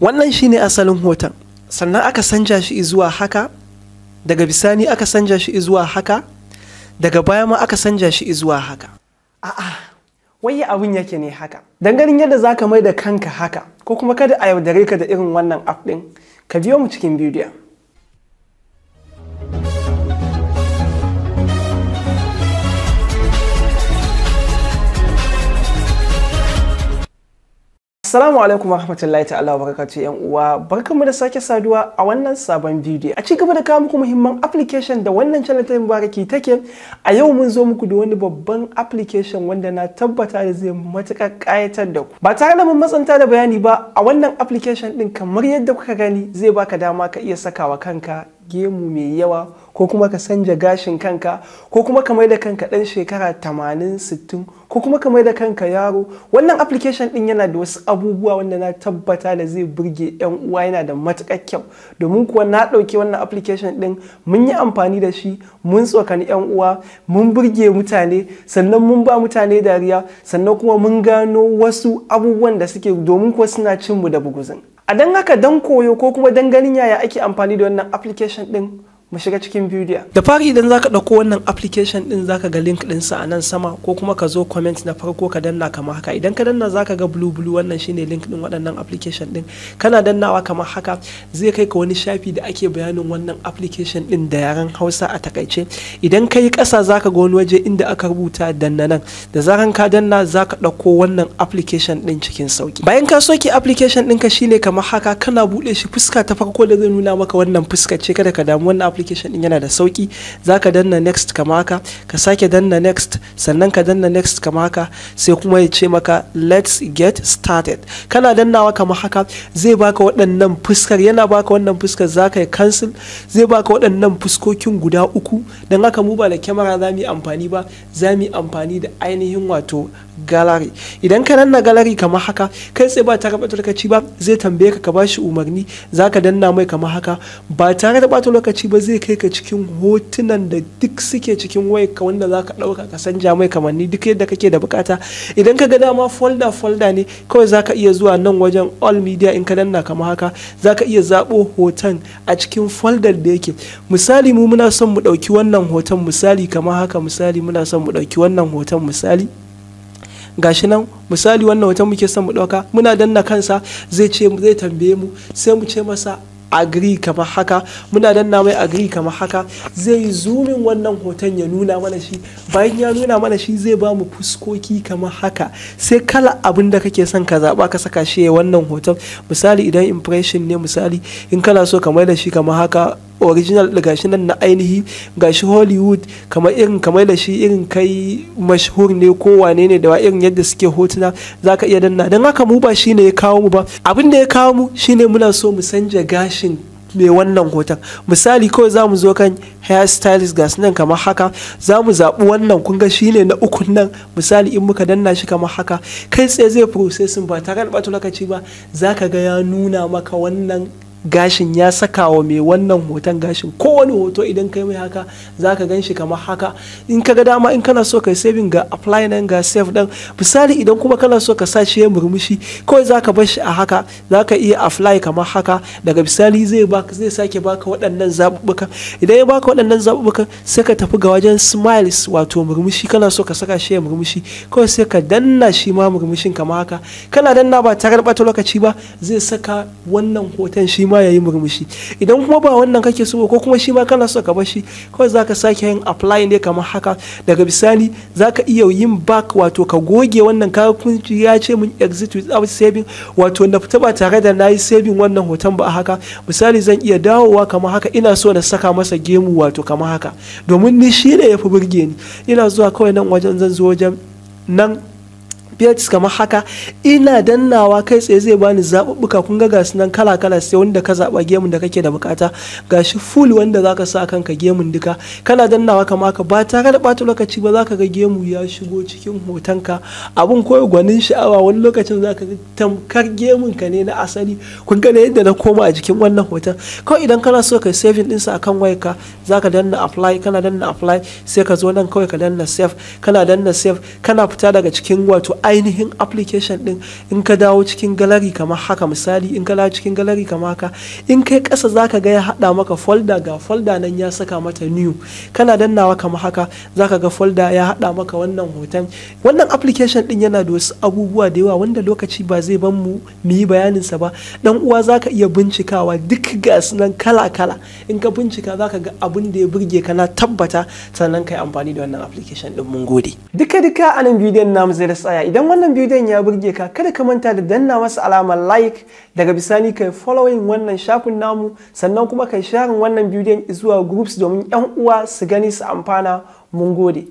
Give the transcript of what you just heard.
wannan shi ne asalin hoton sannan aka sanja shi zuwa haka daga bisani aka sanja shi zuwa haka daga baya ma aka sanja shi zuwa haka a'a wai abin yake ne haka ganin yadda zaka mai da kanka haka ko kuma kada a yaudare ka da irin wannan app din ka biyo mu cikin bidiyon Assalamu alaikum warahmatullahi ta'ala wa barakatuh yan uwa barkanmu da sake saduwa a wannan sabon bidiyo a cigaba da kawo muku muhimman application da wannan channel ta mubaraki take a yau mun zo muku da wani babban application wanda na tabbata da zai matukar kayatar da ku ba tare da mun matsanta da bayani ba a wannan application din kamar yadda kuka gani zai baka dama ka iya sakawa kanka gemu mai yawa ko kuma ka sanja gashin kanka ko kuma ka mai da kanka dan shekara 80-60 ko kuma ka mai da kanka yaro wannan application ɗin yana da wasu abubuwa wanda na tabbata da zai burge 'yan uwa yana da matukar kyau domin kuwa na ɗauki wannan application ɗin mun yi amfani da shi mun tsokani 'yan uwa mun burge mutane sannan mun ba mutane dariya sannan kuma mun gano wasu abubuwan da suke domin kuwa suna cin mu da buguzin a don haka don koyo ko kuma don ganin yaya ake amfani da wannan application ɗin mu shiga cikin bidiyo da fari idan zaka ɗauko wannan application din zaka ga link din sa a nan sama ko kuma ka zo comment na farko ka danna kamar haka idan ka danna zaka ga blue blue wannan shine link din waɗannan application din kana dannawa kamar haka zai kai ka wani shafi da ake bayanin wannan application din da yaren Hausa a takaice idan ka kasa ƙasa zaka ga wani waje inda aka rubuta danna nan da zaran ka danna zaka ɗauko wannan application din cikin sauki bayan ka soke application ɗinka shine kamar haka kana buɗe shi fuska ta farko da zai nuna maka wannan fuska ce kada ka damu wannan application din yana da sauki zaka danna next kama haka ka sake danna next sannan ka danna next kama haka sai kuma ya ce maka let's get started kana dannawa kama haka zai baka waɗannan fuskar yana baka wannan fuskar zaka yi cancel zai baka waɗannan fuskokin guda uku don haka mu ba da kyamara za yi amfani ba za mu yi amfani da ainihin wato gallery idan ka danna gallery kamar haka kai sai ba ta da lokaci ba zai tambaye ka ka bashi umarni zaka danna mai kamar haka ba tare da bata lokaci ba zai kai ka cikin hotunan da duk suke cikin wayar ka wanda zaka dauka ka sanja mai kamanni duk yadda kake da bukata idan ka ga dama folda folda ne kawai zaka iya zuwa nan wajen all media in ka danna kamar haka zaka iya zabo hoton a cikin folder da yake misali mu muna son mu dauki wannan hoton misali kamar haka misali muna son mu dauki wannan hoton misali gashi nan misali wannan hoton muke son mu ɗauka muna danna kansa zai ce zai tambaye mu sai mu ce masa agri kamar haka muna danna mai agri kamar haka zai yi zumin wannan hoton ya nuna mana shi bayan ya nuna mana shi zai ba mu fuskoki kamar haka sai kala abin da kake son ka zaba ka saka shi ya wannan hoton misali idan impression ne misali in kana so ka mai da shi kamar haka original da gashi nan na ainihi gashi hollywood kamar irin kamar da shi irin kai mashhur ne ko wane ne da irin yadda suke hotuna za ka iya danna don haka mu ba ne ya kawo mu ba abin da ya kawo mu shi ne muna so mu sanja gashin mai wannan hoton misali kawai za mu zo kan hairstylist ga nan kamar haka za mu zaɓi wannan kun ga shine na ukun nan misali in muka danna shi kamar haka kai tsaye zai processing ba tare da ɓata lokaci ba za ka ga ya nuna maka wannan gashin ya saka wa mai wannan hoton gashin kowane hoto idan kai mai haka za ka gan shi kamar haka in ka ga dama in kana so ka saving ga apply nan ga save dan misali idan kuma kana so ka sa shi ya murmushi kawai za ka bar shi a haka za ka iya apply kamar haka daga misali zai baka zai sake baka waɗannan zaɓuɓɓuka idan ya baka waɗannan zaɓuɓɓuka sai ka tafi ga wajen smiles wato murmushi kana so ka saka shi ya murmushi kawai sai ka danna shi ma murmushin kamar haka kana danna ba tare da ɓata lokaci ba zai saka wannan hoton shi ma baya yayi murmushi idan kuma ba wannan kake so ko kuma shi ma kana so ka bar shi kawai zaka sake yin apply ne kamar haka daga bisani zaka iya yin back wato ka goge wannan ka ya ce mun exit without saving wato na fita ba tare da nayi saving wannan hoton ba haka misali zan iya dawowa kamar haka ina so na saka masa gemu wato kamar haka domin ni shi ne yafi burge ni ina zuwa kawai nan wajen zan zo wajen nan pages kamar haka ina dannawa kai tsaye zai bani zaɓuɓɓuka kun ga gasu nan kala kala sai wanda ka zaɓa gemun da kake da bukata gashi full wanda zaka sa kanka gemun duka kana dannawa kamar ka ba tare da ɓata lokaci ba zaka ga gemu ya shigo cikin hotonka abun koyo gwanin sha'awa wani lokacin zaka ga tamkar gemun ka ne na asali kun ga yadda na koma a jikin wannan hoton kawai idan kana so ka saving ɗinsa akan wayarka zaka danna apply kana danna apply sai ka zo nan kawai ka danna save kana danna save kana fita daga cikin wato ainihin application din in ka dawo cikin galari kamar haka misali in ka dawo cikin galari kamar haka in kai ƙasa zaka ga ya haɗa maka folda ga folda nan ya saka mata new kana dannawa kamar haka zaka ga folda ya haɗa maka wannan hoton wannan application din yana da wasu abubuwa da yawa wanda lokaci ba zai ban mu mu yi bayaninsa ba dan uwa zaka iya bincikawa duk ga nan kala kala in ka bincika zaka ga abin da ya burge ka na tabbata sannan kai amfani da wannan application din mun gode duka duka anan bidiyon namu zai rasa idan wannan bidiyon ya burge ka kada ka manta da danna masa alamar like daga bisani kai following wannan shafin namu sannan kuma kai sharin wannan bidiyon zuwa groups domin 'yan uwa su gani su amfana mun gode